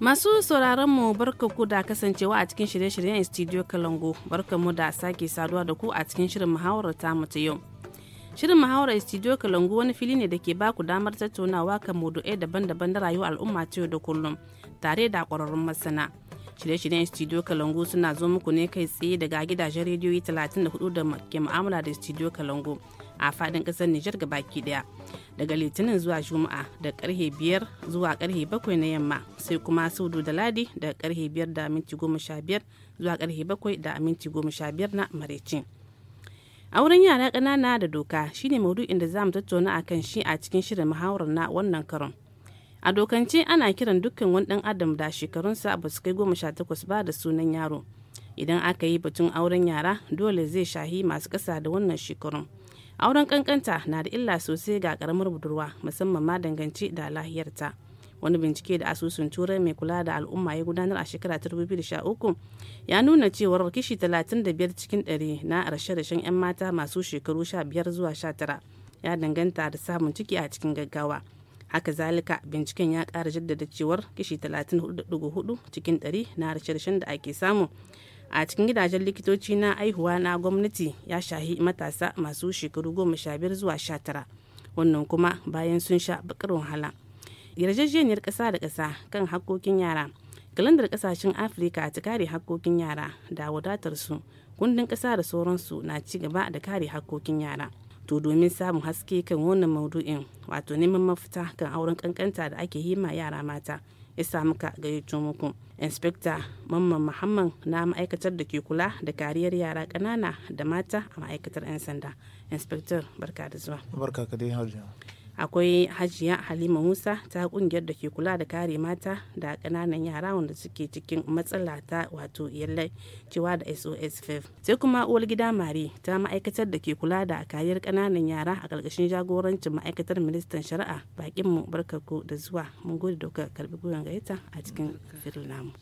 Masu sauraron mu barka ku da kasancewa a cikin shirye-shiryen Studio Kalango. Barka mu da sake saduwa da ku a cikin shirin muhawarar ta ta yau. Shirin muhawarar Studio Kalango wani fili ne da ke ku damar tattaunawa kan mudu'ai daban-daban na rayuwar al'umma ta yau da kullum tare da ƙwararrun masana. Shirye-shiryen Studio Kalango suna zo muku ne kai tsaye daga gidajen rediyoyi 34 da ke mu'amala da Studio Kalango. a fadin kasar Nijar baki daya daga litinin zuwa juma'a da karhe biyar zuwa karhe bakwai na yamma sai kuma saudu da ladi da karhe biyar da minti goma sha biyar zuwa karhe bakwai da minti goma sha biyar na maraicin auren yara kanana da doka shine maudu'in da za mu tattauna a kan shi a cikin shirin muhawarar na wannan karon a dokance ana kiran dukkan wani dan adam da shekarunsa ba su kai goma sha takwas ba da sunan yaro idan aka yi batun auren yara dole zai shahi masu ƙasa da wannan shekarun auren kankanta na da illa sosai ga karamar budurwa musamman ma danganci da lahiyarta wani bincike da asusun turai mai kula da al'umma ya gudanar a shekara 2013 ya nuna cewa kishi 35 cikin 100 na rashe-rashen 'yan mata masu shekaru 15 zuwa 19 ya danganta da samun ciki a cikin gaggawa haka zalika binciken ya kara jaddada cewar kishi 34.4 cikin 100 na rashe-rashen da ake samu a cikin gidajen likitoci na aihuwa na gwamnati ya shahi matasa masu shekaru goma sha biyar zuwa sha tara wannan kuma bayan sun sha bakar wahala yarjejeniyar ƙasa da ƙasa kan hakkokin yara kalandar ƙasashen afirka ta kare hakkokin yara da wadatar su kundin ƙasa da sauransu na ci gaba da kare hakkokin yara to domin samun haske kan wannan maudu'in wato neman mafita kan auren kankanta da ake yi ma yara mata isa muka gayyato muku inspector mamman muhammad na ma'aikatar da ke kula da kariyar yara ƙanana da mata a ma'aikatar 'yan sanda inspector barka da zuwa barka ka dai akwai hajiya halima musa ta kungiyar da ke kula da kare mata da kananan yara wanda suke cikin matsala ta wato yallai cewa da sos sai kuma uwar gida mare ta ma'aikatar da ke kula da kariyar kananan yara a karkashin jagorancin ma'aikatar ministan shari'a bakin mu barkaku da zuwa mun gode da karbi goyon gayyata a cikin firin namu.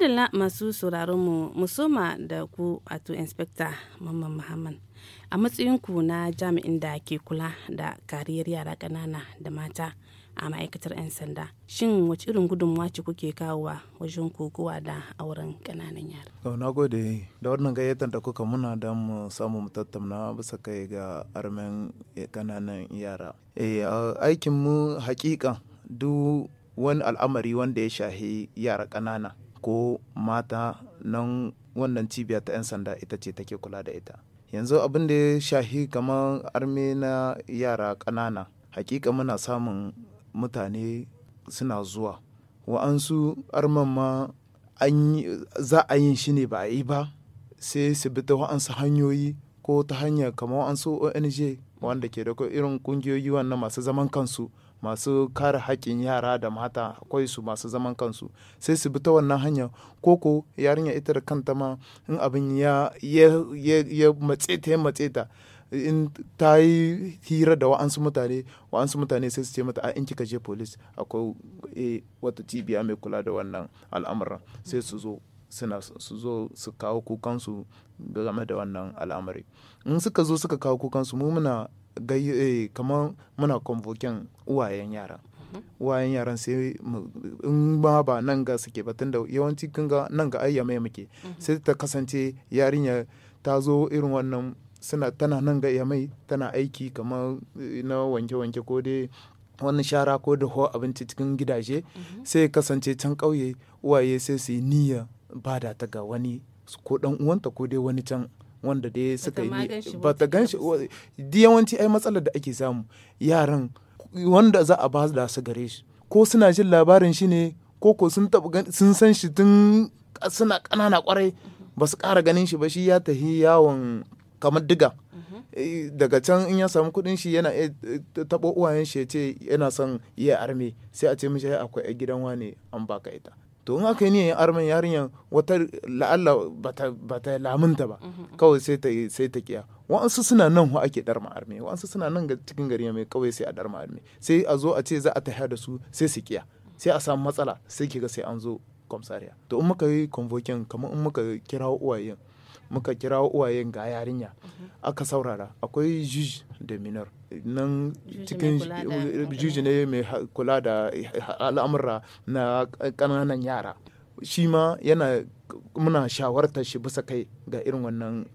madalla masu sauraron mu musoma da ku ato inspector mamman muhammad a matsayinku na jami'in da ke kula da kariyar yara ƙanana da mata a ma'aikatar 'yan sanda shin wace irin gudunmuwa ce kuke kawowa wajen kokowa da auren ƙananan yara to na gode da wannan gayyatar da kuka muna da mu samu mu tattauna bisa kai ga armen ƙananan yara eh, aikin mu hakika duk wani al'amari wanda ya shahi yara ƙanana ko mata nan wannan cibiya ta 'yan sanda ita ce take kula da ita yanzu abin da ya shahi kamar arme na yara ƙanana hakika muna samun mutane suna zuwa wa'ansu arman ma za a yin shi ne ba a yi ba sai su bi ta wa'ansu hanyoyi ko ta hanyar kamar wa'ansu ong wanda ke da irin kungiyoyi wannan masu zaman kansu masu kare haƙƙin yara da mata akwai su masu zaman kansu sai su bi ta wannan hanya koko yarinya ita da kanta ma in abin ya ya matse ta ya matse ta in ta yi hira da wa'ansu mutane wa'ansu mutane sai su ce mata a in kika je polis akwai eh, wata cibiya mai kula da wannan al'amuran sai su zo suna su zo su kawo kukansu game da wannan al'amari in suka zo suka kawo kukansu mu muna Eh, kamar muna convoken uwayen yaran mm-hmm. uwayen yaran sai in ma ba nan ga suke ba tunda yawanci kun ga nan ga ayya ya muke mm-hmm. sai ta kasance yarinya ta zo irin wannan suna tana nan ga yamai tana aiki kamar eh, na wanke-wanke ko dai wani shara ko da abinci cikin gidaje mm-hmm. sai kasance can kauye uwaye sai su yi niyya ba da ta ga wani ko dan uwanta ko dai wani can wanda dai suka yi ba ta ganshi yawanci ai matsalar da ake samu yaran wanda za a ba da su gare shi ko suna jin labarin shi ne ko ko sun taba sun san shi tun suna ƙanana kwarai ba su ƙara ganin shi ba shi ya tahi yawon kamar diga mm-hmm. eh, daga can in ya samu kuɗin shi yana eh, taɓo uwayen shi ya ce yana son iya arme sai a ce mishi akwai gidan wane an baka ita to in aka yi niyan arman yarinyar wata la'alla ba ta lamunta ba kawai sai ta sai ta kiya wa'ansu suna nan hu ake darma arme wa'ansu suna nan cikin gari mai kawai sai a darma arme sai a zo a ce za a ta da su sai su kiya sai a samu matsala sai ga sai an zo komsariya to in muka yi convoking kamar in muka kira uwayen muka kira uwayen ga yarinya mhm. aka saurara akwai juge da minor nan cikin juji ne mai kula da al'amura na ƙananan yara shi ma yana muna shawartar shi bisa kai ga irin wannan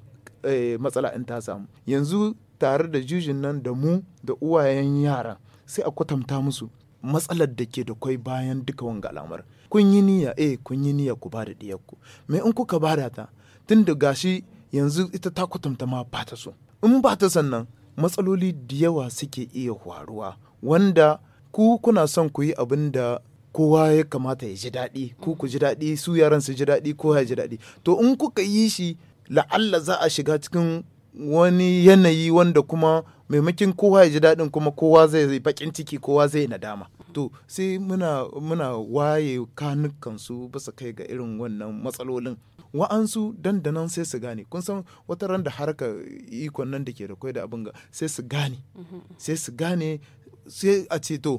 eh, matsala in ta samu yanzu tare da jujin nan da mu da uwayen yara sai a kwatanta musu matsalar da ke da kwai bayan duka wanga al'amar kun yi niyya eh kun yi niyya ku ba da diyarku mai in kuka bada ta tun da gashi yanzu ita ta kwatanta ma ba ta so in ba ta sannan matsaloli da yawa suke iya faruwa wanda ku kuna son ku yi abin da kowa ya kamata ya ji daɗi ku ku ji daɗi su yaran su ji daɗi kowa ya ji daɗi to in kuka yi shi la'alla za a shiga cikin wani yanayi wanda kuma maimakin kowa ya ji daɗin kuma kowa zai baƙin ciki kowa zai nadama to sai muna muna waye kanukansu basa kai ga irin wannan matsalolin wa'ansu dandanan sai su gane kun san wata ran da harka ikon nan da ke da kwai da abin ga sai su gane mm-hmm. sai su gane sai a ceto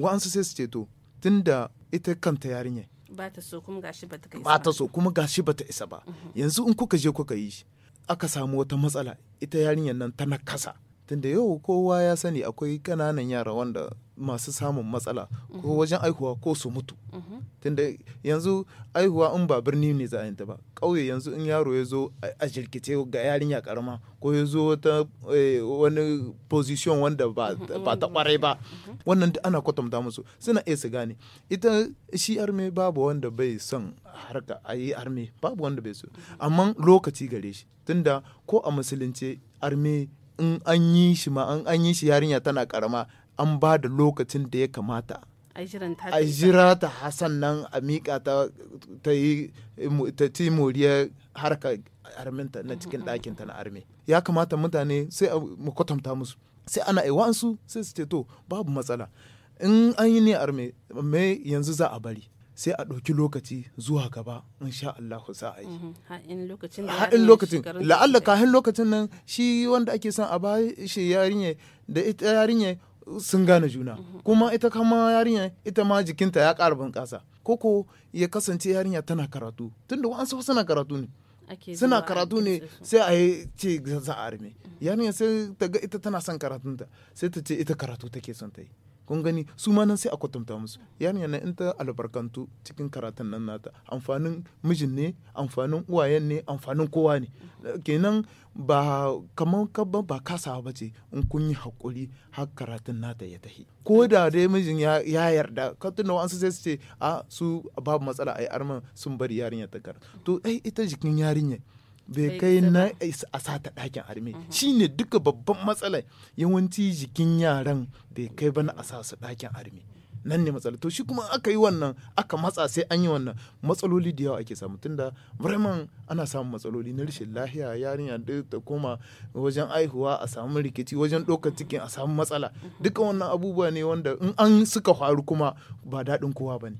wa'ansu sai su ceto tunda ita kanta yarinya ba ta so kuma gashi ba ta isa ba ta so kuma gashi ba ta isa ba mm-hmm. yanzu in kuka je kuka yi aka samu wata matsala ita yarinyar nan ta nakasa tunda yau kowa ya sani akwai ƙananan yara wanda masu samun matsala ko mhm. wajen aihuwa ko su mutu mhm. tunda yanzu aihuwa in ba birni ne za a yanta ba ƙauye yanzu in yaro ya zo a jirkice ga ya karama ko ya zo wata eh, wani position wanda ba mhm. ta kwarai ba wannan duk ana kwatanta musu suna iya su gane ita shi arme babu wanda bai son harka a yi arme babu wanda bai so amma lokaci gare shi tunda ko a musulunci arme in an yi shi ma an an yi shi yarinya tana karama an ba da lokacin da ya kamata a jira ta hasan nan a miƙa ta ta yi ta ci moriya harka arminta na cikin mm-hmm. ɗakin ta na arme ya kamata mutane sai mu kwatanta musu sai ana wa'ansu sai su ce to babu matsala in an yi ne arme me yanzu za a bari sai a ɗauki lokaci zuwa gaba in sha Allahu sa a yi. Mhm. Ha'in lokacin la'alla kahin lokacin nan shi wanda ake son a ba shi yarinya da ita yarinya sun gane juna mhm. kuma ita kama yarinya ita ma jikinta ya ƙara bunƙasa koko ya kasance yarinya tana karatu tunda wa'ansu suna karatu ne. suna karatu ne sai a yi ce za a arme mhm. yarinya sai ta ga ita tana son karatunta sai ta ce ita karatu take son ta yi kun gani su ma nan sai a kwatanta musu yarinya na in ta albarkantu cikin karatun nan nata amfanin mijin ne amfanin uwayen ne amfanin kowa ne kenan ba kamar kaba ba kasa ba ce in kun yi hakuri har karatun nata ya tahi ko da dai mijin ya yarda ka tuna wa'ansu sai su ce a su babu matsala a yi arman sun bari yarinya ta karatu to ai ita jikin yarinya bai kai na a ta ɗakin arme mhm. shine duka babban matsala yawanci jikin yaran bai kai ba na a sa su ɗakin arme nan ne matsala to shi kuma aka yi wannan aka matsa sai an yi wannan matsaloli da yawa ake samu tunda vraiment ana samun matsaloli na rashin lahiya yarinya duk ta koma wajen aihuwa a samu rikici wajen ɗaukar cikin a samu matsala mhm. duka wannan abubuwa ne wanda in an suka faru kuma ba daɗin kowa ba ne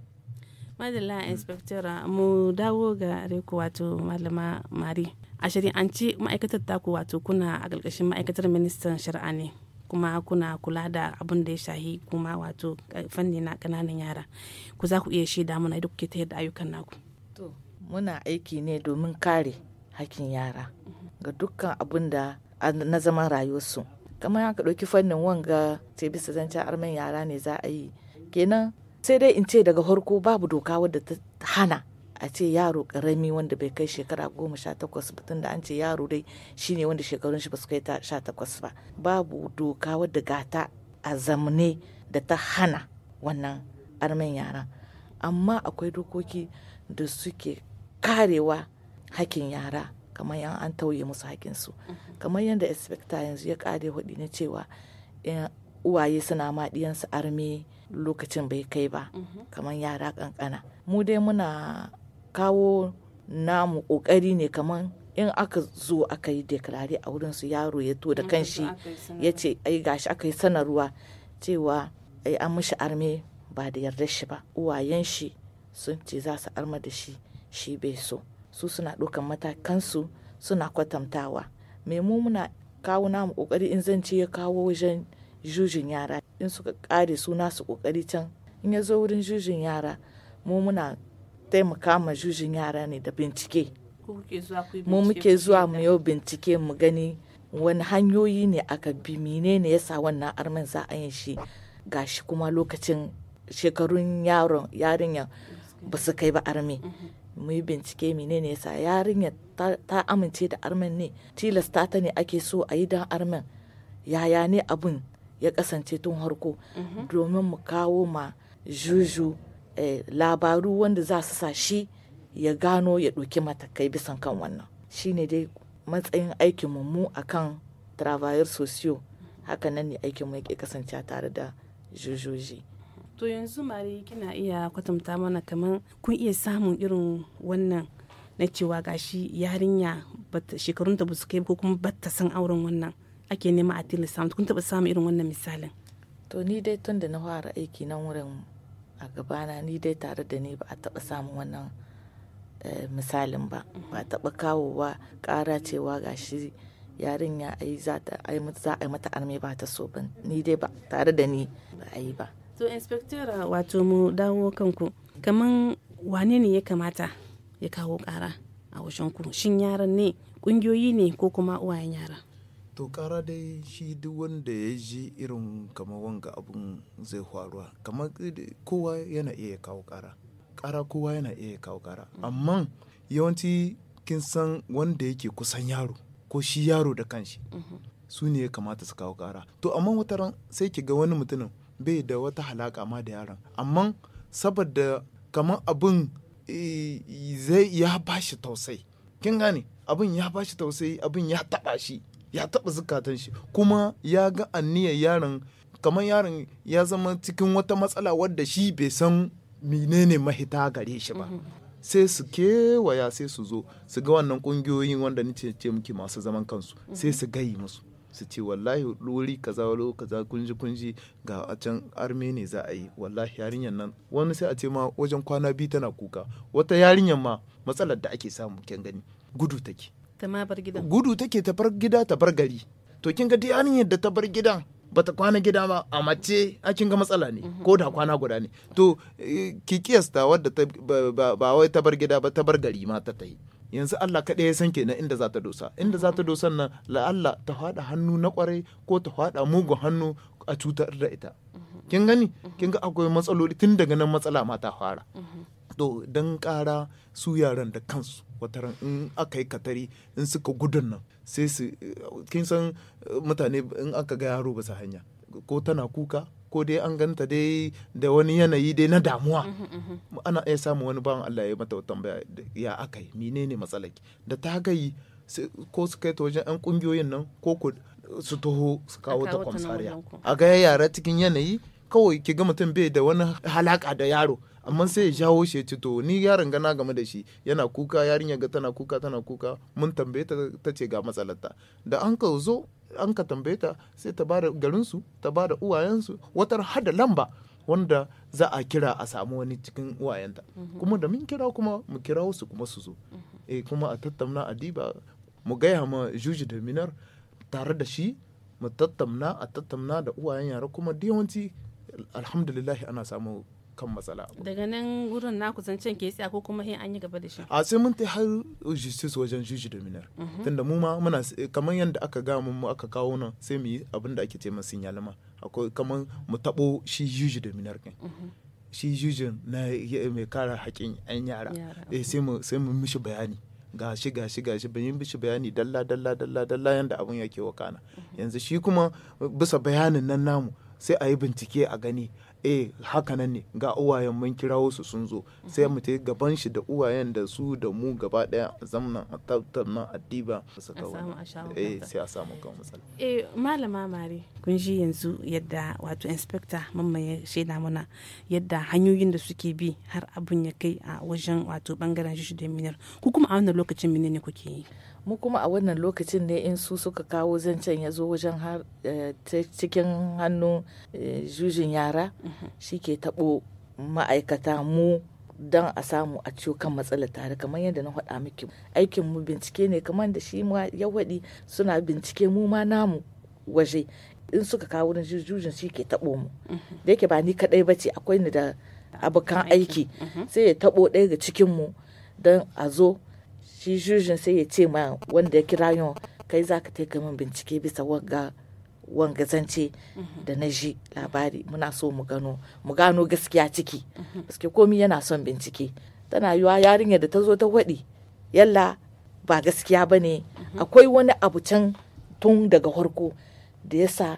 madalla inspectora mu dawo ga reku wato malama mari a sharianci ma'aikatar taku wato kuna a ƙarƙashin ma'aikatar ministan shari'a ne kuma kuna kula da abin da ya shahi kuma wato fanni na ƙananan yara ku za ku iya shaida muna duk ke ta yadda ayyukan naku to muna aiki ne domin kare hakkin yara ga dukkan abin da na zaman rayuwarsu kamar haka ɗauki fannin wanga sai bisa zancen armen yara ne za a yi kenan sai dai in ce daga harko babu doka wadda ta hana a ce yaro karami wanda bai kai shekara goma sha takwas ba tunda an ce yaro dai shine wanda shekarun shi basu kai kai sha takwas ba babu doka wadda gata a zamne da ta hana wannan armen yaran amma akwai dokoki da suke karewa hakin yara kamar yan an tauye musu hakinsu mm-hmm. kamar yadda inspector yanzu ya kare hudi na cewa uwaye suna ma diyansu arme lokacin bai kai ba mhm. kamar yara kankana mu dai muna kawo namu kokari ne kamar in aka zo aka yi deklare a wurin su yaro ya to da kanshi ya ce ai gashi aka yi sanarwa cewa ai an mishi arme ba da yarda shi ba uwayen shi sun ce za su arma da shi shi bai so su suna ɗaukan matakansu suna kwatantawa mai mu muna kawo namu kokari in zan ce ya kawo wajen jujin yara in suka kare suna su kokari can in ya zo wurin jujin yara mu muna taimaka ma jujin yara ne da bincike mu muke zuwa mu yau bincike mu gani wani hanyoyi ne aka bi menene sa wannan armen za a yin shi gashi kuma lokacin shekarun yaron yarinyar ba su kai ba arme mu yi bincike menene yasa yarinyar ta amince da armen ne tilasta ta ne ake so a yi don armen yaya ne abin ya kasance tun harko mhm. domin mu kawo ma juju eh, labaru wanda za su sa shi ya gano ya ɗauki matakai bisan kan wannan shine dai matsayin aikinmu mu akan travayar sosiyo haka nan ne aikin mu yake kasance tare da jujuji to yanzu mari kina iya kwatanta mana kamar kun iya samun irin wannan na cewa gashi yarinya shekarunta ba su kai ko kuma bata san auren wannan ake nema a tilasta kun taba samun irin wannan misalin to ni dai tun da na fara aiki nan wurin a gabana ni dai tare da ni ba a taba samun wannan eh, misalin ba ba a taɓa kawowa kara cewa gashi yarinya ai za a yi mata arme ba ta so ban ni dai ba tare da ni ba a yi ba to inspector wato mu dawo kanku kaman wane ne ya kamata ya kawo ƙara a wajen ku shin yaran ne ƙungiyoyi ne ko kuma uwayen yara To kara dai shi duk wanda ya ji irin kamar wanga abun zai faruwa kamar kowa yana iya kawo ƙara ƙara kowa yana iya kawo ƙara amma yawanci kin san wanda yake kusan yaro ko shi yaro da kanshi su ne ya kamata su kawo ƙara to amma wata ran sai ki ga wani mutumin bai da wata halaka ma da yaron amma saboda kamar abin eh, zai ya bashi tausayi kin gane abin ya bashi tausayi abin ya taba shi ya taɓa zukatan shi kuma ya ga aniyar yaron kamar yaron ya zama cikin wata matsala wadda shi bai san menene mahita gare shi ba sai su kewaya sai su zo su ga wannan kungiyoyin wanda nace ce ce muke masu zaman kansu sai su gayi musu su ce wallahi lori kaza walo kaza kunji kunji ga a can arme ne za a yi wallahi yarinyar nan wani sai a ce ma wajen kwana biyu tana kuka wata yarinyar ma matsalar da ake samu kyan gani gudu take ta ma bar gidan gudu take ta bar gida ta bar gari to kin ga dai yadda ta bar gidan bata kwana gida ba a mace a kin ga matsala ne mhm. ko da kwana guda ne to eh, ki kiyasta wadda ta ba wai ta bar gida ba ta bar gari ma ta ta yi yanzu Allah kaɗai ya san kenan inda za ta dosa inda za ta dosa nan allah ta fada hannu na kwarai ko ta fada mugun hannu a cutar da ita mhm. kin gani mhm. kin ga akwai matsaloli tun daga nan matsala ma ta fara to don kara su yaran da kansu wataran in aka yi katari in suka gudun nan sai su kin san eh, mutane in aka ga yaro bisa hanya ko tana kuka ko dai an ganta dai da wani yanayi dai na damuwa uhuh, uhuh. ana iya samun wani bawan Allah ya mata tambaya ya aka yi menene matsalaki da ta ga yi ko su kai ta wajen 'yan kungiyoyin nan ko su taho su kawo ta kwamsariya a ga yara cikin yanayi kawai ki ga mutum bai da wani halaka da yaro amma sai ya jawo shi ya to ni yaron gana game da shi yana kuka yarinya ga tana kuka tana kuka mun tambaye ta ta ce ga matsalarta da an ka zo an ka tambaye ta sai ta bada garinsu ta bada uwayensu watar hada lamba wanda za a kira a samu wani cikin uwayenta mhm. kuma da mun kira kuma mu kira su kuma su zo mhm. eh kuma a tattauna a mu gaya ma juji da minar tare da shi mu tattauna a tattauna da uwayen yara kuma yawanci alhamdulillahi ana samu kan matsala daga nan wurin na zancen ke tsaya ko kuma hin an yi gaba da shi a sai mun ta har justice wajen juji minar. Mhm. tunda mu ma muna eh, kamar yadda aka ga mu aka kawo nan sai mu yi abin da ake ce masu sinyalama akwai kamar mu tabo shi juji minar kin mhm. shi jujin na mai kara haƙin 'yan yara eh, sai mu mishi bayani gashi gashi gashi yi mishi bayani dalla dalla dalla dalla yanda abun yake wakana mhm. yanzu shi kuma bisa bayanin nan namu sai a yi bincike a gani e eh, hakanan ne ga uwayen mun kirawo su sun zo sai mu tafi gaban shi da uwayen da su da mu gaba daya zamnan a tattauna addiba eh, sai a samu kan matsala eh malama mare kun ji yanzu yadda wato inspector mamma ya shaida mana yadda hanyoyin da suke bi har abun ya kai a wajen wato bangaren shi da minar ku kuma a wannan lokacin mine ne kuke yi mu kuma a wannan lokacin ne in su suka kawo zancen ya zo wajen har eh, cikin hannu eh, jujin yara mhm. shi ke taɓo ma'aikata mu don a samu a ciwo kan matsalar tare kamar yadda na faɗa miki aikin mu bincike ne kamar da shi ma ya waɗi suna bincike mu ma namu waje in suka kawo wurin jujujin shi ke taɓo mu da yake ba ni kaɗai ba ce akwai ni da abokan aiki mhm. sai ya taɓo ɗaya ga cikin mu don a zo shi jujin sai ya ce ma wanda ya kira yau kai za ka taika min bincike bisa wanga wanga zance mhm. da na ji labari muna so mu gano mu gano gaskiya ciki mhm. gaske komi yana son bincike tana yiwa yarinya da ta zo ta waɗi yalla ba gaskiya ba ne akwai wani abu can tun daga farko da ya sa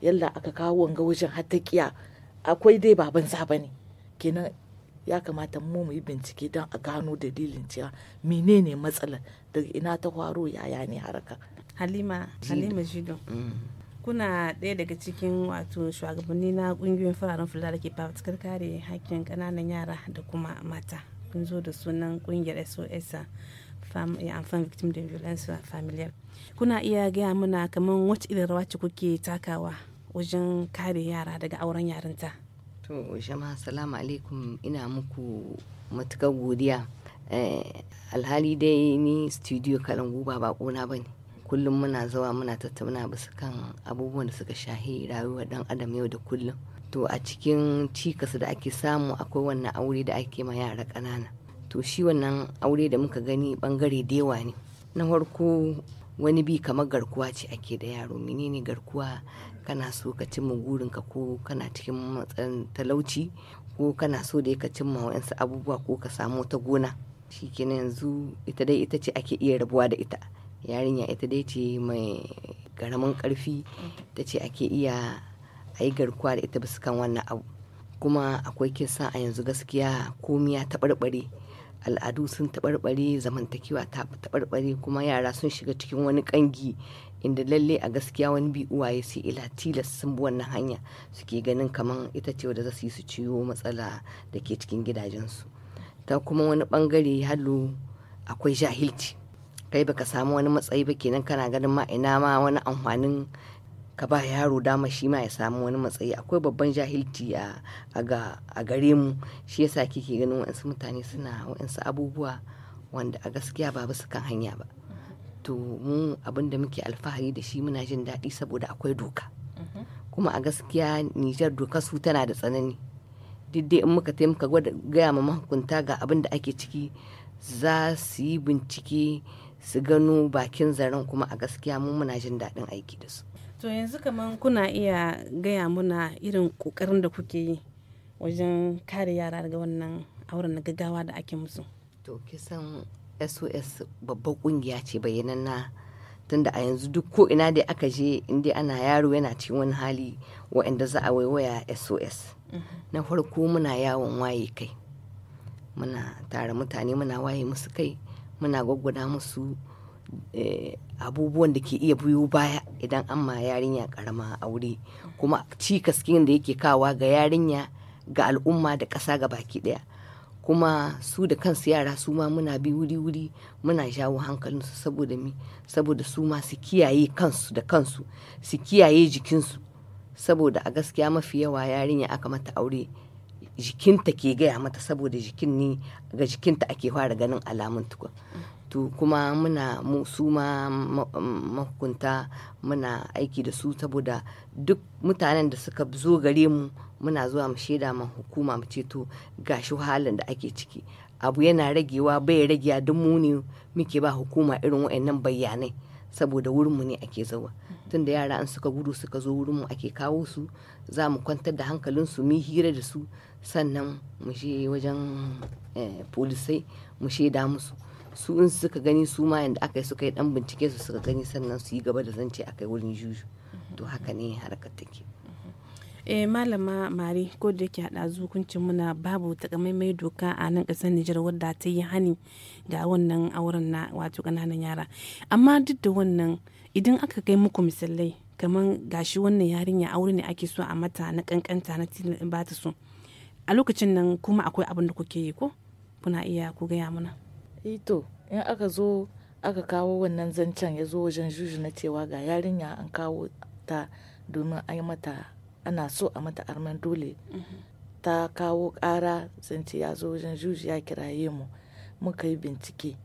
yalla aka kawo wanga wajen hatakiya akwai dai baban ba ne kenan ya kamata mu yi bincike don a gano dalilin cewa menene matsalar daga ina ta faro yaya ne haraka halima halima jido mm. kuna ɗaya daga cikin wato shugabanni na ƙungiyoyin fararen fula da ke fafutukar kare hakkin ƙananan yara da kuma mata kun zo da sunan ƙungiyar sos enfant victim din violence uh, familial kuna iya gaya muna kamar wacce irin rawa ce kuke takawa wajen kare yara daga auren yarinta to jama'a salamu alaikum ina muku matukar godiya eh, alhali dai ni studio kalangu ba bakona ba ne kullum muna zawa muna tattauna bisa kan abubuwan da suka shahi rayuwar dan adam yau da kullum to a cikin cikas da ake samu akwai wannan aure da ake ma yara ƙanana to shi wannan aure da muka gani bangare da yawa ne na farko wani bi kamar garkuwa ce ake da yaro menene garkuwa kana so ka cimma gurinka ko kana cikin matsayin talauci ko kana so da ka cimma wa'yansu abubuwa ko ka samu ta gona shi kenan yanzu ita dai ita ce ake iya rabuwa da ita yarinya ita dai ce mai karamin karfi ta ce ake iya a yi garkuwa da ita bisa kan wannan abu kuma akwai kisa a yanzu gaskiya komi ya taɓarɓare al'adu sun taɓarɓare zamantakewa ta taɓarɓare kuma yara sun shiga cikin wani ƙangi inda lalle a gaskiya wani bi uwaye sai ila tilas sun bi wannan hanya suke ganin kamar ita ce wadda za su yi su ciwo matsala da ke cikin gidajensu ta kuma wani bangare halu akwai jahilci kai baka samu wani matsayi ba kenan kana ganin ma ina ma wani amfanin ka ba yaro dama shi ma ya samu wani matsayi akwai babban jahilci a gare mu shi yasa kike ganin wa'ansu mutane suna wa'ansu abubuwa wanda a gaskiya ba su kan hanya ba to mu abin da muke alfahari da shi muna jin daɗi saboda akwai doka kuma a gaskiya nijar doka su tana da tsanani duk dai in muka taimaka gaya ma mahukunta ga abin da ake ciki za su yi bincike su gano bakin zaren kuma a gaskiya mu muna jin daɗin aiki da su to yanzu kamar kuna iya gaya muna irin kokarin da kuke yi wajen kare yara daga wannan auren na gaggawa da ake musu to kisan sos babban kungiya ce na tunda a yanzu duk ko ina da aka je inda ana yaro yana cikin wani hali wa'anda za a waiwaya sos mhm. na farko muna yawon waye kai muna tara mutane muna waye musu kai muna gwaggwada musu Eh, abubuwan da ke iya biyo baya idan an ma yarinya karama aure kuma cikas da yake kawa ga yarinya ga al'umma da ƙasa ga baki ɗaya kuma su da kansu yara su ma muna bi wuri-wuri muna jawo hankalinsu saboda mi saboda su ma su kiyaye kansu da kansu su kiyaye jikinsu saboda a gaskiya mafi yawa yarinya aka mata aure jikinta ke gaya mata saboda jikin ne ga jikinta ake fara ganin alamun tukun to kuma muna su ma mahukunta muna aiki da su saboda duk mutanen da suka zo gare mu muna zuwa mu shaida ma hukuma mu ce to gashi halin da ake ciki abu yana ragewa bai ragewa duk mu ne muke ba hukuma irin wa'annan bayanai saboda wurinmu ne ake zawa tun da yara an suka gudu suka zo wurinmu ake kawo su za mu kwantar da su mu hira da su sannan mu je wajen eh, polisai mu shaida musu su in suka gani su ma yanda aka yi suka yi dan bincike su suka gani sannan su yi gaba da zance a kai wurin juju to haka ne harkar take eh malama mari ko da yake hada zukuncin muna babu takamaimai doka a nan kasar Nijar wadda ta yi hani ga wannan auren na wato kananan yara amma duk da wannan idan aka kai muku misalai kamar gashi wannan yarinya aure ne ake so a mata na kankanta na ba ta so a lokacin nan kuma akwai abin da kuke yi ko kuna iya ku gaya mana Ito e in aka zo aka kawo wannan zancen ya zo wajen juju na cewa ga yarinya an kawo ta domin ai mata ana so a mata arman dole ta kawo ƙara zance ya zo wajen juju ya kiraye mu muka yi bincike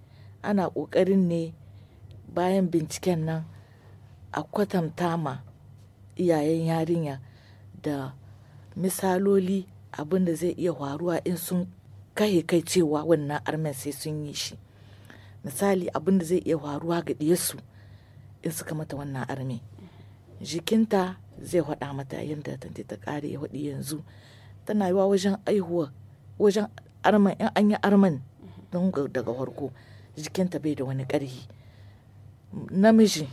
ana ƙoƙarin ne bayan binciken nan a kwatanta ma iyayen yarinya da misaloli abin da zai iya faruwa in sun kai kai cewa wannan armen sai sun yi shi misali abin da zai iya faruwa ga ɗiyarsu in suka mata wannan arme jikinta zai faɗa mata yadda ta ƙare ya faɗi yanzu tana yiwa wajen aihuwa wajen arman in an yi arman don daga farko jikinta bai da wani ƙarfi namiji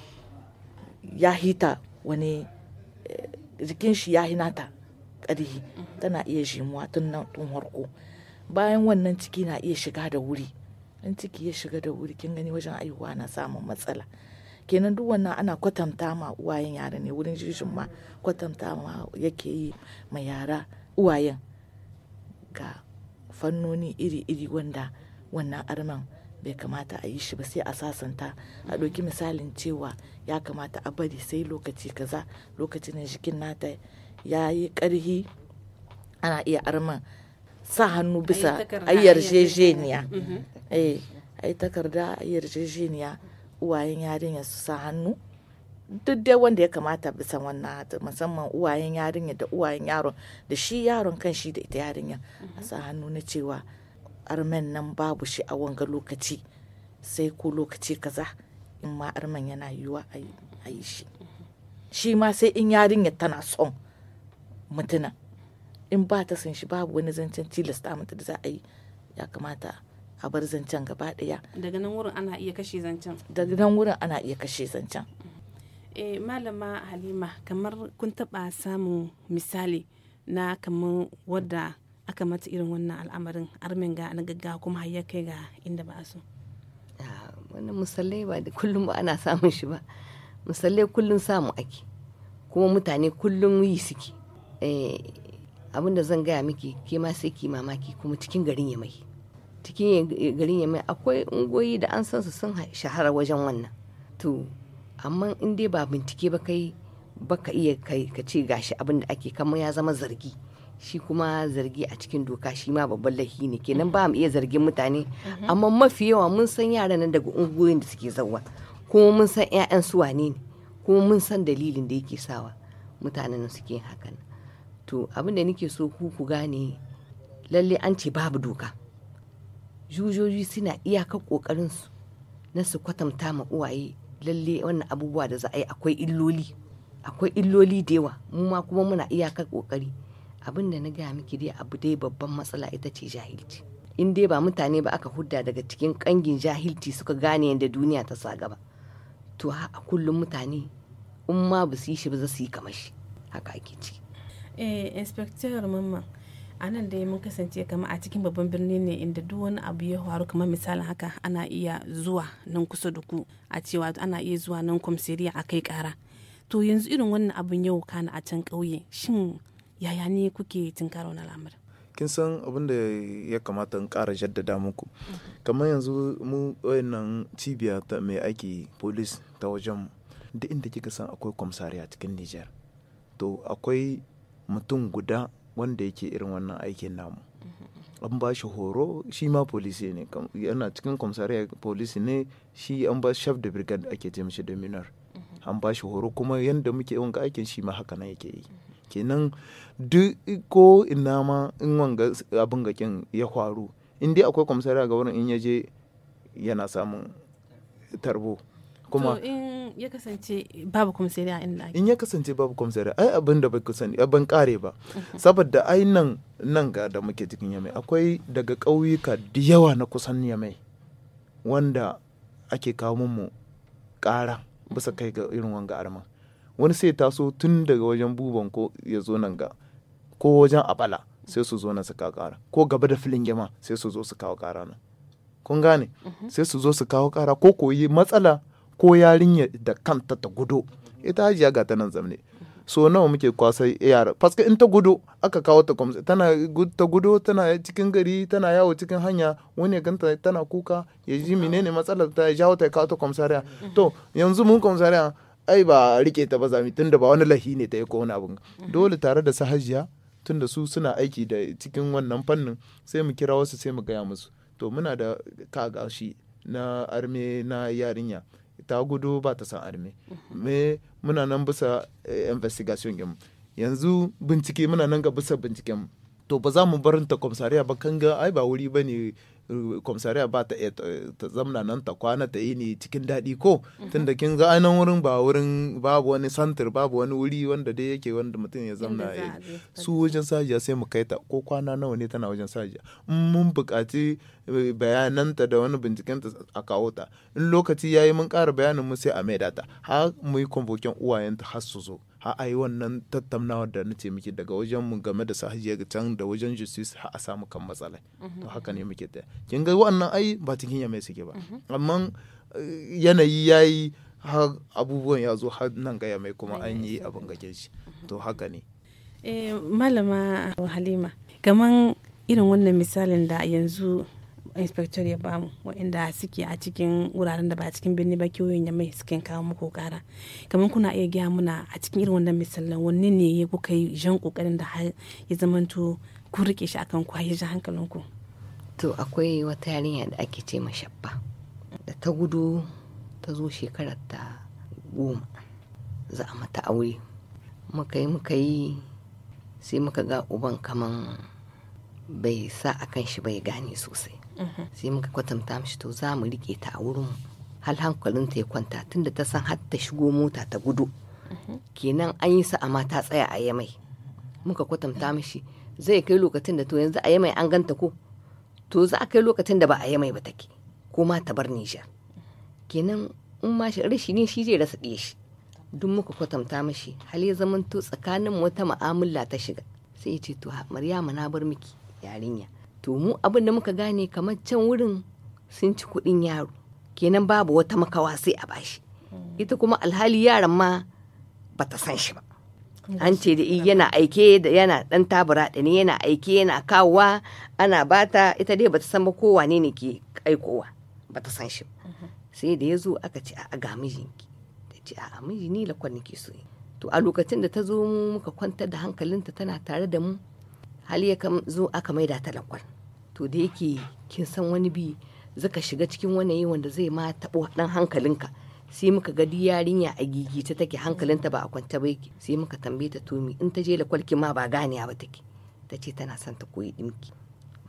ya hita wani eh, jikin shi ya hinata ƙarfi tana iya jimuwa tun nan tun farko bayan wannan ciki na iya shiga da wuri in ciki ya shiga da wuri kin gani wajen ayuwa na samun matsala kenan duk wannan ana kwatanta ma uwayen yara ne wurin jishin ma kwatanta ma yake yi ma yara uwayen ga fannoni iri-iri wanda wannan arman bai kamata a yi shi ba sai a sasanta a ɗauki misalin cewa ya kamata a bari sai lokaci kaza lokacin jikin nata ya yi ƙarhi ana iya arman sa hannu bisa a yarjejeniya mhm. eh takarda a yarjejeniya uwayen yarinya su sa hannu duk dai wanda ya kamata bisa wannan musamman uwayen yarinya da uwayen yaron da shi yaron kan shi da ita yarinya a sa hannu na cewa armen nan babu shi a wanga lokaci sai ko lokaci kaza in ma armen yana yiwuwa a yi shi shi ma sai in yarinya tana son mutuna in ba ta san shi babu wani zancen tilasta mata da za a yi ya kamata a bar zancen gaba daya daga nan wurin ana iya kashe zancen daga nan wurin ana iya kashe zancen mm-hmm. eh malama halima kamar kun taba samun misali na kamar wadda aka mata irin wannan al'amarin armin ga na gaggawa kuma har ya kai ga inda ba a wannan musallai ba da kullum ba ana samun shi ba musallai kullum samu ake kuma mutane kullum yi suke eh, abin da zan gaya miki ke ma sai ki mamaki kuma cikin garin ya mai cikin garin ya mai akwai ungoyi da an san su sun shahara wajen wannan to amma in dai ba bincike ba kai baka iya kai ka ce gashi abin da ake kama ya zama zargi shi kuma zargi a cikin doka shi ma babban laifi ne kenan ba mu iya zargin mutane mm-hmm. amma mafi yawa mun san yaran nan daga ungoyin da suke zauwa kuma mun san 'ya'yan su wane ne kuma mun san dalilin da yake sawa mutanen suke hakan to abin da nake so ku ku gane lalle an ce babu doka jujoji suna iyakar kokarin su na su kwatanta ma uwaye lalle wannan abubuwa da za a yi akwai illoli akwai illoli da yawa mu ma kuma muna iyakar kokari abin da na gaya miki dai abu dai babban matsala ita ce jahilci in dai ba mutane ba aka hudda daga cikin kangin jahilci suka gane yadda duniya ta sa gaba to a kullum mutane in ma ba su yi shi ba za su yi kamar shi haka ake ciki eh inspector mamman a nan dai mun kasance kama a cikin babban birni ne inda duk wani abu ya faru kamar misalin haka ana iya zuwa nan kusa da ku a cewa ana iya zuwa nan kwamsiriya a kai kara to yanzu irin wannan abun yau kana a can ƙauye shin yaya ne kuke tunkara wani al'amarin kin san abin da ya kamata in ƙara jaddada muku kamar yanzu mu wayannan cibiya ta mai aiki police ta wajen duk inda kika san akwai a cikin niger to akwai mutum guda wanda yake irin wannan aikin namu an ba shi horo shi ma polisi ne yana cikin komisariya polisi ne shi an ba shaf da brigade ake ce mishi dominar an ba shi horo kuma yadda muke yawan aikin shi ma haka nan yake yi kenan duk ko ina ma in wanga abin gakin ya faru in dai akwai komisariya ga wurin in yaje yana samun tarbo kuma in ya kasance babu a inda in ya kasance babu komisariya ai abin da baka sani ban kare ba saboda ai nan nan ga da muke cikin yamai akwai daga ƙauyuka da yawa na kusan yamai wanda ake kawo mu ƙara bisa kai ga irin wanga arma wani sai taso tun daga wajen buban ko ya zo nan ga ko wajen abala sai su zo nan su kawo ƙara ko gaba da filin gema sai su zo su kawo ƙara nan kun gane mhm. sai su zo su kawo ƙara ko koyi matsala ko yarinya da kanta ta gudo ita hajiya ga ta nan zamne so nawa muke kwasa yara paske in ta gudo aka kawo ta kwamsa tana ta gudo tana cikin gari tana yawo cikin hanya wani ganta tana kuka ya ji menene matsalar ta ya jawo ta kawo ta kwamsariya to yanzu mun kwamsariya ai ba rike ta ba zami tunda ba wani lahi ne ta yi ko wani abin dole tare da sahajiya da su suna aiki da cikin wannan fannin sai mu kira wasu sai mu gaya musu to muna da kagashi gashi na arme na yarinya ta gudu ba ta san armi me muna nan bisa eh, investigation game yanzu bincike muna nan ga bisa binciken to ba za mu barin ta komisariya ba kan ga ai ba wuri ba ne komisariya ba ta iya ta zamna nan ta kwana ta yi ne cikin daɗi ko tunda kin ga anan wurin ba wurin babu wani santir babu wani wuri wanda dai yake wanda mutum ya zamna ya su wajen sajiya sai mu kai ta ko kwana nawa ne tana wajen sajiya in mun buƙaci eh, bayananta da wani bincikenta a kawo ta in lokaci ya yi mun ƙara bayanin mu sai a maida ta har mu yi uwayenta har su zo har a yi wannan tattaunawa da na ce miki daga wajen mu game da sahajiya can da wajen justice har a samu kan matsala. to mm-hmm. haka ne muke ta kin ga wannan ai ba cikin yamai suke ba mm-hmm. amma eh, yanayi yayi har abubuwan ya zo har nan ga mai kuma an yi abin gajen shi mm-hmm. to haka ne eh, malama halima kaman irin wannan misalin da yanzu inspector ya bamu waɗanda suke a cikin wuraren da ba cikin birni ba kiwoyin ya mai suke kawo muku kara kamar kuna iya gaya muna a cikin irin wannan misalin wanne ne ya kuka yi jan kokarin da ya to ku rike shi akan ku ya hankalin hankalinku to akwai wata yarinya da ake ce mashabba da ta gudu ta zo shekarar ta goma za a mata aure muka yi muka yi sai muka ga uban kaman bai sa akan shi bai gane sosai Mhm. sai muka kwatanta mishi to za mu rike ta a wurin hal hankalin ta ya kwanta tunda ta san har ta shigo mota ta gudu mhm. kenan an yi sa'a ma ta tsaya a yamai muka kwatanta mishi zai kai lokacin da to yanzu a yamai an ganta ko to za a kai lokacin da ba a yamai ba take ko ma ta bar Nijar kenan in ma shi rashi ne shi zai rasa ɗaya shi duk muka kwatanta mishi hal ya zamanto tsakanin wata mu'amala ta shiga sai ya ce to Maryama na bar miki yarinya to mu abin da muka gane kamar can wurin sun ci kuɗin yaro kenan babu wata makawa sai a bashi mm. ita kuma alhali yaran ma bata san shi ba an ce da yana aike da yana dan tabura da ne yana aike yana kawowa ana bata ita dai bata san ba ko wane ne ke aikowa bata san shi mm-hmm. sai da ya zo aka ce a ga mijinki da ce a miji ni lakon nake so to a lokacin da ta zo mu muka kwantar da hankalinta tana tare da mu hali ya zo aka maida ta lakon to da yake kin san wani bi zaka shiga cikin wani wanda zai ma taɓo ɗan hankalinka sai muka ga duk yarinya a ta take hankalinta ba a kwanta ba yake sai muka tambaye ta tumi in ta je kwalki ma ba ganiya ba take ta ce tana son ta koyi dimki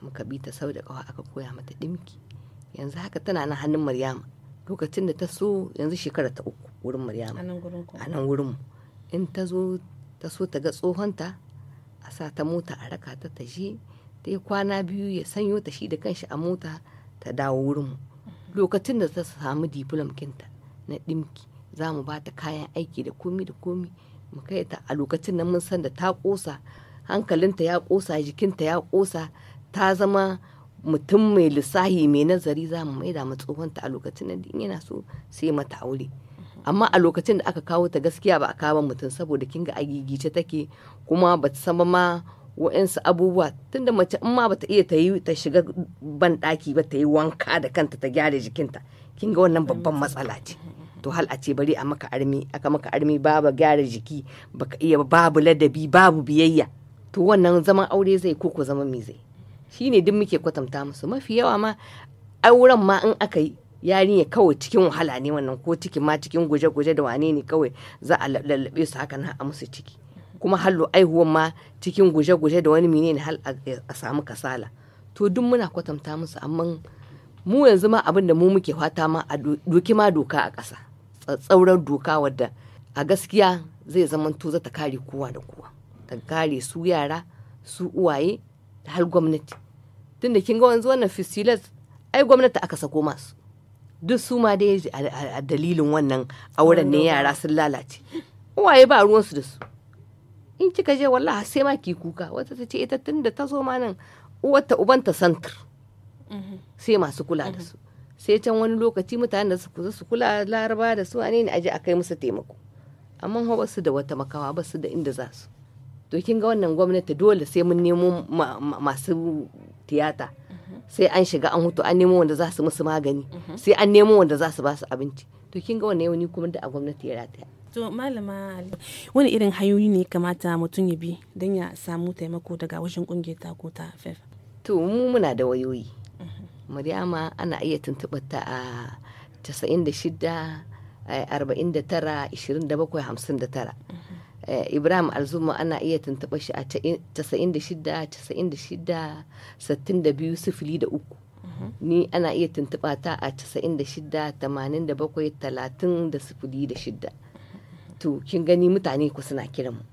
muka bi ta sau da ƙawa aka koya mata dimki yanzu haka tana na hannun maryama lokacin da ta so yanzu shekara ta uku wurin maryama a nan wurinmu in ta zo ta so ta ga tsohonta a sa ta mota a raka ta ta je ta yi kwana biyu ya sanyo ta shi da kanshi a mota ta dawo wurin mu. lokacin da ta samu diplom kinta na dimki za mu ba ta kayan aiki da komi da komi mu kai ta a lokacin nan mun san da ta ƙosa hankalinta ya ƙosa jikinta ya ƙosa ta zama mutum mai lissahi mai nazari za mu maida mu tsohonta a lokacin nan in yana so sai mata aure amma a lokacin da aka kawo ta gaskiya ba a kawo mutum saboda kinga a agigice take kuma ba ta sama ma wa'insu abubuwa tunda mace in ma bata iya ta yi ta shiga ban ɗaki ba ta yi wanka da kanta ta gyara jikinta kin ga wannan babban matsala ce to hal a ce bari a maka armi aka maka armi babu gyara jiki baka iya babu ladabi babu biyayya to wannan zaman aure zai ko ko zaman me zai shine duk muke kwatanta musu mafi yawa ma auren ma in aka yi yarinya kawai cikin wahala ne wannan ko cikin ma cikin guje-guje da wane ne kawai za a lallabe su haka na a musu ciki kuma hallo aihuwan ma cikin guje-guje da wani menene hal a samu kasala to duk muna kwatanta musu amma mu yanzu ma abin da mu muke fata ma a doki ma doka a ƙasa tsauran doka wadda a gaskiya zai zama to za ta kare kowa da kowa ta kare su yara su uwaye da har gwamnati tun da kin ga wanzu wannan fisilas ai gwamnati aka sako masu duk su ma dai a dalilin wannan auren ne yara sun lalace uwaye ba ruwansu da su in kika je wallahi sai ma ki kuka wata ta ce ita tunda ta zo ma nan uwarta ubanta santar mhm. sai masu kula da mhm. su sai can wani lokaci mutanen da su kusa su kula laraba da su ne a aje a kai musu taimako amma ba su da wata makawa ba su da inda za su to kin ga wannan gwamnati dole sai mun nemo masu tiyata mhm. sai an shiga an hutu an nemo wanda za su musu magani sai an nemo wanda za su ba su abinci to kin ga wannan yau ni kuma da a gwamnati ya rataya To malama wani irin hanyoyi ne kamata mutum ya bi don ya samu taimako daga wajen kungiyar ko ta FEF? To mu muna da wayoyi. Mhm. Maryama ana iya tuntuɓar ta a 96 eh, mhm. eh, Ibrahim Alzuma ana iya tuntuɓa shi a 96 uku. Mhm. ni ana iya tuntuɓa ta a 96 87 30 da to kin gani mutane ku suna kiran mu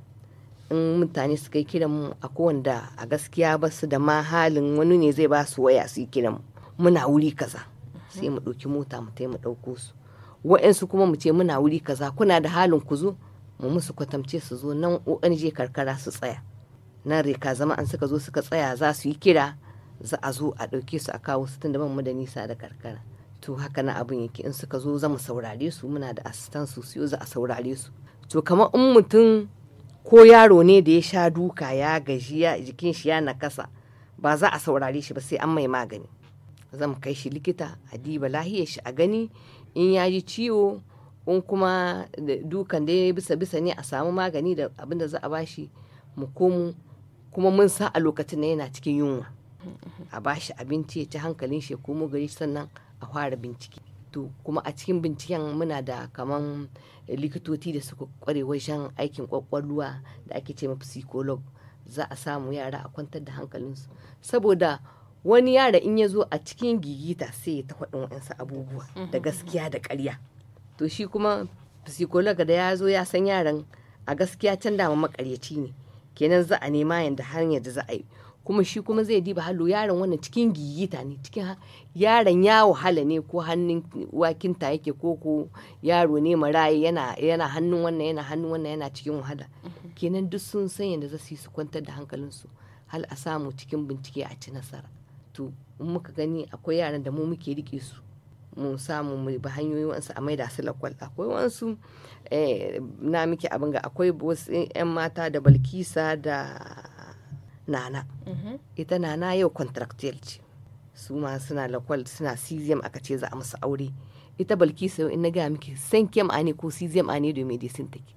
in mutane suka yi kiran mu a kowanda a gaskiya ba su da ma halin wani ne zai ba su waya su yi kiran muna wuri kaza sai mu ɗauki mota mu tai mu ɗauko su wa'yansu kuma mu ce muna wuri kaza kuna da halin ku zo mu musu kwatamce su zo nan je karkara su tsaya nan reka zama an suka zo suka tsaya za su yi kira za a zo a ɗauke su a kawo su tun da ban mu da nisa da karkara to haka na abin yake in suka zo zama saurare su muna da asistan su su za a saurare su to kamar in mutum ko yaro ne da ya sha duka ya gaji ya jikin shi ya nakasa ba za a saurare shi ba sai an mai magani zan kai shi likita a diba lahiyar shi a gani in ya ji ciwo in kuma dukan da ya bisa bisa ne a samu magani da abin da za a bashi mu komo kuma mun sa a lokacin da yana cikin yunwa a bashi abinci ya ci hankalin shi mu gari sannan aka fara bincike to kuma a cikin binciken muna da kaman likitoci da suka kware wajen aikin kwakwalwa da ake ce ma psycholog za a samu yara a kwantar da hankalinsu saboda wani yara in ya zo a cikin gigita sai ya ta faɗin abubuwa da gaskiya da ƙarya to shi kuma psycholog da ya zo ya san yaran a gaskiya can dama makaryaci ne kenan za a nema yadda hanyar da za a yi kuma shi kuma zai diba hallo yaron wannan cikin gigita ne cikin yaron ya wahala ne ko hannun wakinta yake ko ko yaro ne marayi yana yana hannun wannan yana hannun wannan yana cikin wahala mhm. kenan duk sun san yadda za su yi su kwantar da hankalinsu hal a samu cikin bincike a ci nasara to in muka gani akwai yaran da mu muke rike su mu samu mu bi hanyoyi wansu a maida su lakwal akwai wansu eh, na miki abin ga akwai wasu 'yan mata da balkisa da nana ita na na yau contractual ce su ma suna lakwal suna cesium aka ce za a musu aure ita balki sau in na gaya miki san kem ne ko cesium ne da medicine take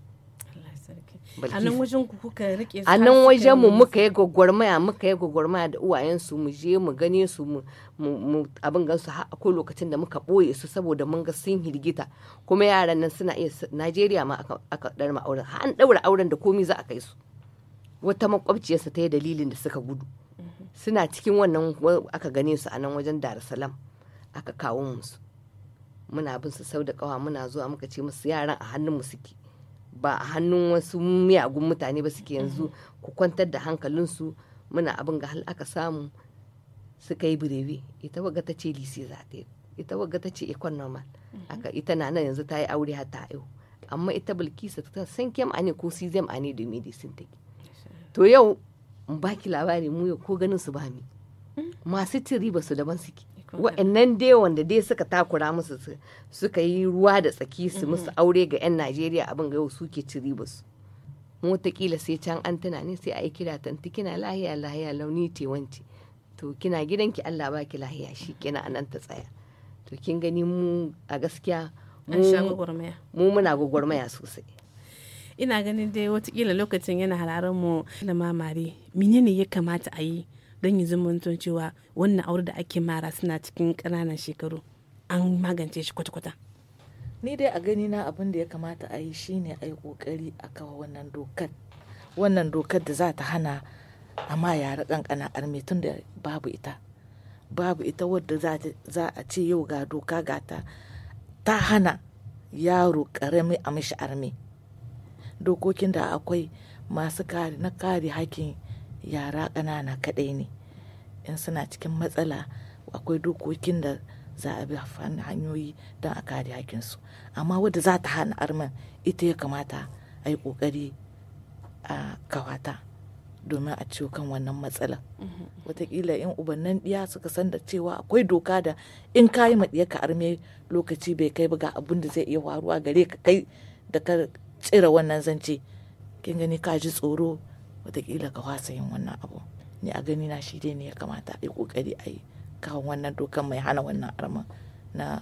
a nan wajen ku kuka rike a nan wajen mu muka yi gwagwarmaya muka yi gwagwarmaya da uwayensu mu je mu gane su mu abin gansu har akwai lokacin da muka boye su saboda mun ga sun hirgita kuma yaran nan suna iya Najeriya ma aka dar ma auren har an daura auren da komi za a kai su wata makwabciyarsa ta yi dalilin da suka gudu suna cikin wannan aka gane su a nan wajen dar salam aka kawo musu muna bin su sau da kawa muna zuwa muka ce musu yaran a hannun mu suke ba a hannun wasu miyagun mutane ba suke yanzu ku kwantar da hankalinsu muna abin ga hal aka samu suka yi birebe ita waga ta ce lisi za ta ita waga ta ce ikon normal aka ita na nan yanzu ta yi aure hata ta amma ita bilkisa ta san kem ane ko sizem ane da medicine take to yau in baki labari mu ko ganin su bami masu cin ba su daban suke wa'annan dai wanda dai suka takura musu suka yi ruwa da tsaki su mm-hmm. musu aure ga 'yan najeriya abin ga yau suke cin ba su motakila sai can an tana ne sai a yi kira tanti kina lahiya lahiya launi te wance to kina gidanki allah baki lahiya shi kina anan ta tsaya to kin gani mu a gaskiya mu muna gwagwarmaya sosai ina ganin dai watakila lokacin yana hararin mu na mamare menene ya kamata a yi don yi zumuntun cewa wannan aure da ake mara suna cikin ƙananan shekaru an magance shi kwata-kwata ni dai a gani na abin da ya kamata a yi shine a yi kokari a kawo wannan dokar wannan dokar da za ta hana amma yara kankana arme tun da babu ita babu ita wadda za a ce yau ga doka gata ta hana yaro karami a mishi arme dokokin da akwai masu na kare hakkin yara ƙanana kaɗai ne in suna cikin matsala akwai dokokin da za a bi hanyoyi don a kare hakinsu amma wadda za ta hana arman ita ya kamata a yi ƙoƙari a kawata domin a ciwo kan wannan matsala mm-hmm. watakila in ubannin ɗiya suka san da cewa akwai doka da in kayi yi maɗiya ka arme lokaci bai kai ba ga abin da zai iya faruwa gare ka kai da ka cire wannan zance kin gani ka ji tsoro wataƙila ka wasa yin wannan abu ni a gani na shi dai ne ya kamata a yi ƙoƙari a yi kawo wannan dokan mai hana wannan arman na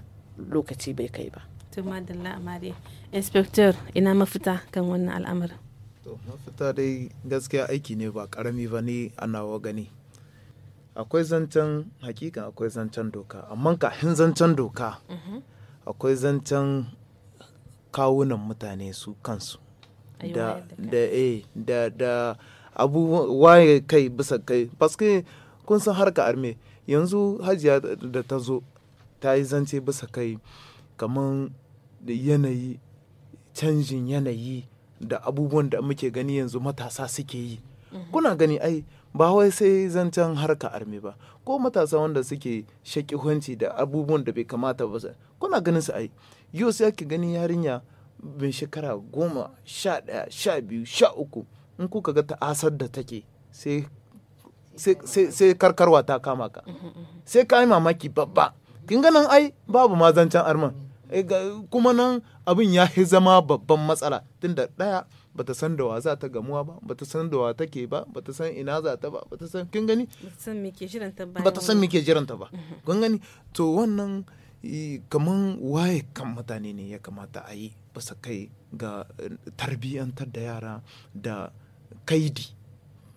lokaci bai kai ba. madalla da dai inspector ina mafita kan wannan al'amar. To, mafita dai gaskiya aiki ne ba ƙarami ba ne ana wa gani. Akwai zancen hakika akwai zancen doka, amma kahin zancen doka mhm. akwai zancen kawunan mutane su kansu eh, da da da da abubuwan waye kai bisa kai paske kun san harka arme yanzu hajiya da ta zo ta yi zance bisa kai kamar yanayi canjin yanayi da abubuwan da muke gani yanzu matasa suke yi mhm. kuna gani ai ba wai sai zancen harka arme ba ko matasa wanda suke shakihanci da abubuwan da bai kamata ba kuna ganin su ai yau sai ake ganin yarinya mai shekara goma sha ɗaya sha biyu sha uku in kuka ga ta'asar da take sai karkarwa ta kama ka sai ka yi mamaki babba kin ganin ai babu mazancan arman eh, kuma nan abin ya yi zama babban matsala tun daya ɗaya bata san da wa za ta gamuwa ba bata san da wa take ba bata san ina za ta ba bata san kin gani ba bata san me ke jiranta ba kun gani to wannan kaman waye kan mutane ne ya kamata a yi basa kai ga eh, tarbiyyantar da yara da kaidi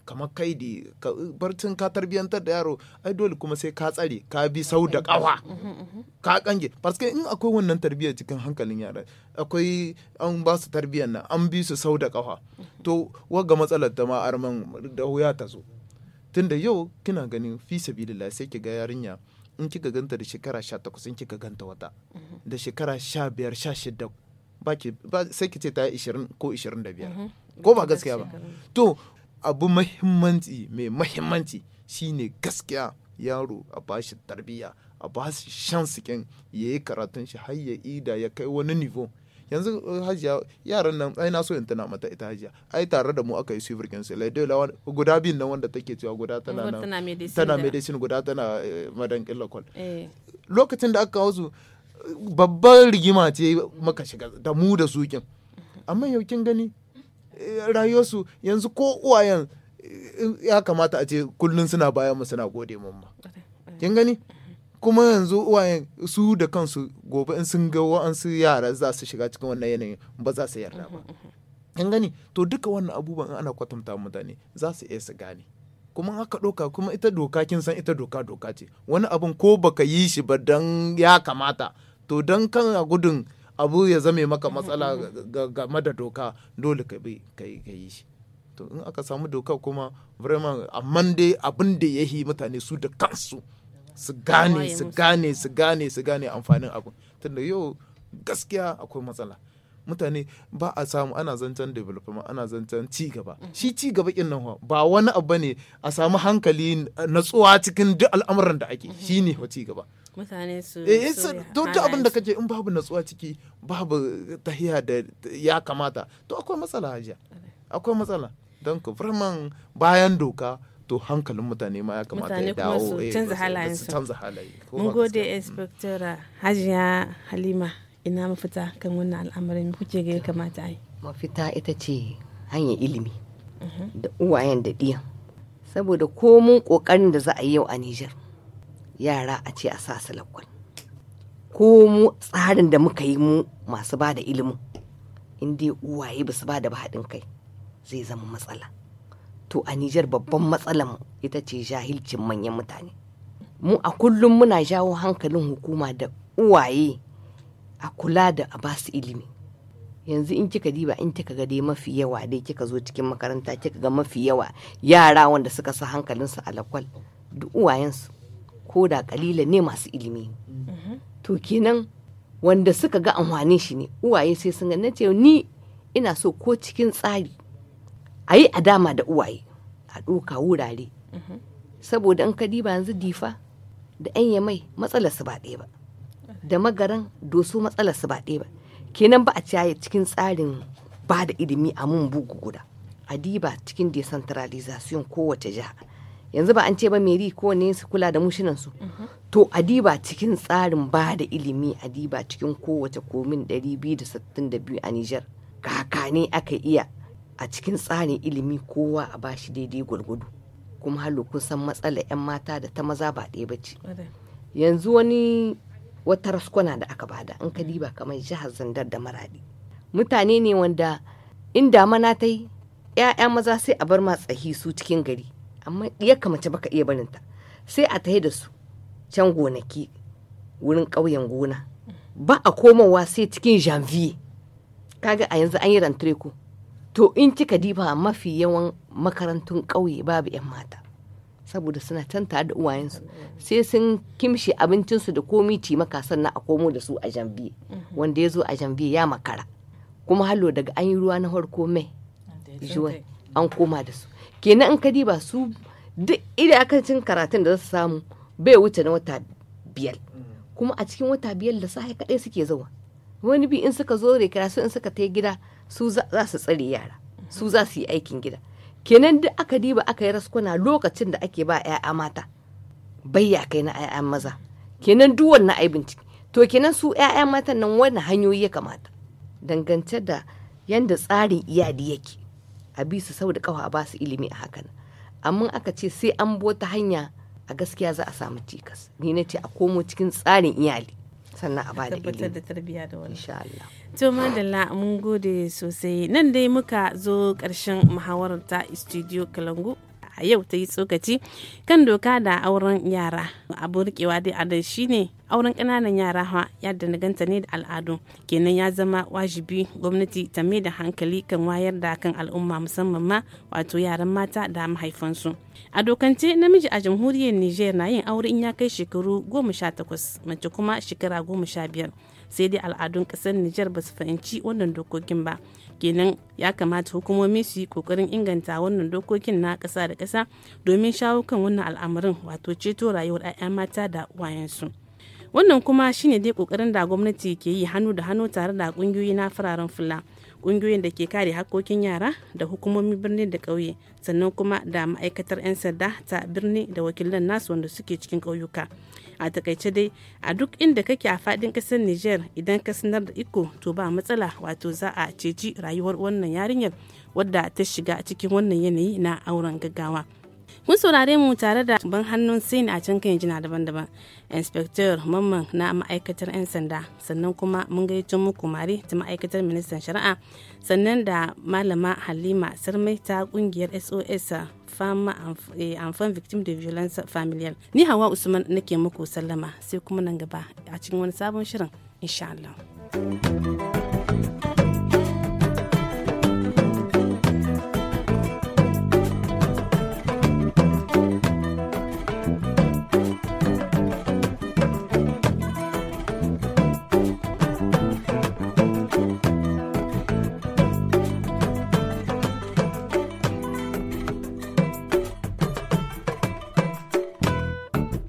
kamar kaidi barcin ka tarbiyyantar da yaro ai dole kuma sai ka tsare ka bi sau da kawa ka kange parce in akwai wannan tarbiyyar cikin hankalin yara akwai an ba su tarbiyyar nan an bi su sau da kawa to waga matsalar ta ma arman da wuya ta zo tunda yau kina ganin fi sabilillah sai ki ga yarinya in kika ganta da shekara sha takwas in kika ganta wata mhm. da shekara sha biyar sha shida ba ba sai ki ce ta yi ishirin ko ishirin da biyar mhm. ko ba gaskiya ba to abu mahimmanci mai mahimmanci shine gaskiya yaro a bashi tarbiyya a bashi sikin ya yi karatun shi har ya ida ya kai wani nivo yanzu uh, hajiya yaran nan ai na so in tana mata ita hajiya ai tare da mu aka yi suivir kinsu lai dole guda biyun nan wanda take cewa guda tana nan tana medicine guda tana eh, madan eh. lokacin da aka kawo su babban rigima ce maka shiga da mu da su kin amma yau kin gani eh, rayuwarsu yanzu ko uwayen ya kamata a ce kullun suna bayan mu suna gode mamma kin gani kuma yanzu uwaye su da kansu gobe in sun ga wa'ansu yara za su shiga cikin wannan yanayin ba za su yarda ba an gani to duka wannan abubuwan in ana kwatanta mutane za su iya su gane kuma aka doka kuma ita doka kin san ita doka doka ce wani abun ko baka yi shi ba dan ya kamata to dan kan a gudun abu ya zame maka matsala game da doka dole ka bi ka yi shi to in aka samu doka kuma vraiment amma dai abin da ya yi mutane su da kansu su gane su gane su gane su gane amfanin abu. tunda yau gaskiya akwai matsala mutane ba a samu ana zancen development ana zancen ci gaba mm-hmm. shi ci gaba kin nan ba wani abu ne a samu hankali natsuwa cikin duk al'amuran da ake mm-hmm. shi ne wa ci gaba mutane su eh to eh, duk abin da kake in babu natsuwa ciki babu tahiya da ya kamata to akwai matsala hajiya akwai matsala don ka bayan doka to hankalin mutane ma ya kamata ya dawo mutane eh, canza su canza halaye mun gode mm. inspector hajiya halima ina mafita kan wannan al'amarin kuke ga ya kamata ai mafita ita ce hanyar ilimi mhm. da uwayen da diya saboda komun kokarin da za a yi yau a Nijar yara a ce a sa su ko mu tsarin da muka yi mu masu ba da ilimin in dai uwaye ba su ba da haɗin kai zai zama matsala to a Nijar babban matsalan ita ce jahilcin manyan mutane mu a kullum muna jawo hankalin hukuma da uwaye a kula da a basu ilimi yanzu in kika diba in kika ga dai mafi yawa dai kika zo cikin makaranta kika ga mafi yawa yara wanda suka sa hankalinsu a lakwal duk uwayensu ko da kalila ne masu ilimi to kenan wanda suka ga amfanin shi ne uwaye sai sun ga na ce ni ina so ko cikin tsari a yi a dama da uwaye a ɗoka wurare saboda an ka diba yanzu difa da yan yamai matsalar su ba ɗaya ba da magaran doso matsalar su ba ɗaya ba kenan ba a ciyaye cikin tsarin ba da ilimi a mun bugu guda a diba cikin decentralization kowace jiha yanzu ba an ce ba meri ko ne su kula da mushinan su to a diba cikin tsarin ba da ilimi a diba cikin kowace komin 262 a Nijar kaka ne aka iya a cikin tsarin ilimi kowa a bashi daidai gwargwado kuma halu kun san matsala 'yan mata da ta maza ba ɗaya ba yanzu wani wata raskwana da aka bada in ka diba kamar jihar zandar da maradi mutane ne wanda in mana ta yi 'ya'ya maza sai a bar matsahi su cikin gari amma iya kamace baka iya barinta sai a tahi da su can gonaki wurin ƙauyen gona ba a komawa sai cikin janvier kaga a yanzu an yi rantreko to in cika diba mafi yawan makarantun ƙauye babu 'yan mata saboda suna tanta da uwayensu sai sun kimshi abincinsu da komi maka sannan a komo da su a janvier mhm. wanda ya zo a janvier ya makara kuma hallo daga an yi ruwa na farko mai ah, juwan an koma da su kenan in ka diba su duk cin karatun da za su samu bai wuce na wata biyar mm. kuma a cikin wata biyar da sa kaɗai suke zuwa wani bi in suka zo rekara su in suka ta gida su za su tsare yara su za su yi aikin gida kenan duk aka diba aka yi raskuna lokacin da ake ba 'ya'ya mata bayya kai na 'ya'ya maza kenan duk wannan ai bincike to kenan su 'ya'ya matan nan wani hanyoyi ya kamata dangance da yanda tsarin iyali yake a bi su sau da kawa ba su ilimi a hakan amma aka ce sai an bota hanya a gaskiya za a samu cikas ni na ce a komo cikin tsarin iyali sannan a bada ilimi da tarbiyya da wani insha Allah to madalla mun gode sosai nan dai muka zo karshen muhawarar ta studio Kalangu a yau ta yi tsokaci kan doka da auren yara abu rikewa dai a shi ne auren ƙananan yara yadda ya ganta ne da al'adu kenan ya zama wajibi gwamnati ta mai da hankali kan wayar da kan al'umma musamman ma wato yaran mata da mahaifansu a dokance namiji a jamhuriyar niger na yin aure in ya kai shekaru goma sha takwas mace kuma shekara goma sha biyar sai dai al'adun kasar niger ba su fahimci wannan dokokin ba kenan ya kamata hukumomi su yi kokarin inganta wannan dokokin na ƙasa da kasa domin shawo kan wannan al'amarin wato ceto rayuwar 'ya'ya mata da wayansu. wannan kuma shine dai kokarin da gwamnati ke yi hannu da hannu tare da kungiyoyi na fararen fula kungiyoyin da ke kare hakokin yara da hukumomin birni da ƙauye sannan kuma da ma'aikatar 'yan sanda ta birni da wakilan nasu wanda suke cikin ƙauyuka a takaice dai a duk inda kake a fadin ƙasar niger idan ka sanar da iko to ba matsala wato za a ceci rayuwar wannan yarinyar wadda ta shiga cikin wannan yanayi na auren gaggawa kun saurare mu tare da ban hannun sin a can kan jina daban-daban inspector mamman na ma'aikatar 'yan sanda sannan kuma mun gaito muku mare ta ma'aikatar ministan shari'a sannan da malama halima sarmai ta kungiyar sos fama eh, amfan victim de violence familial ni hawa usman nake muku sallama sai kuma nan gaba a cikin wani sabon shirin insha Allah.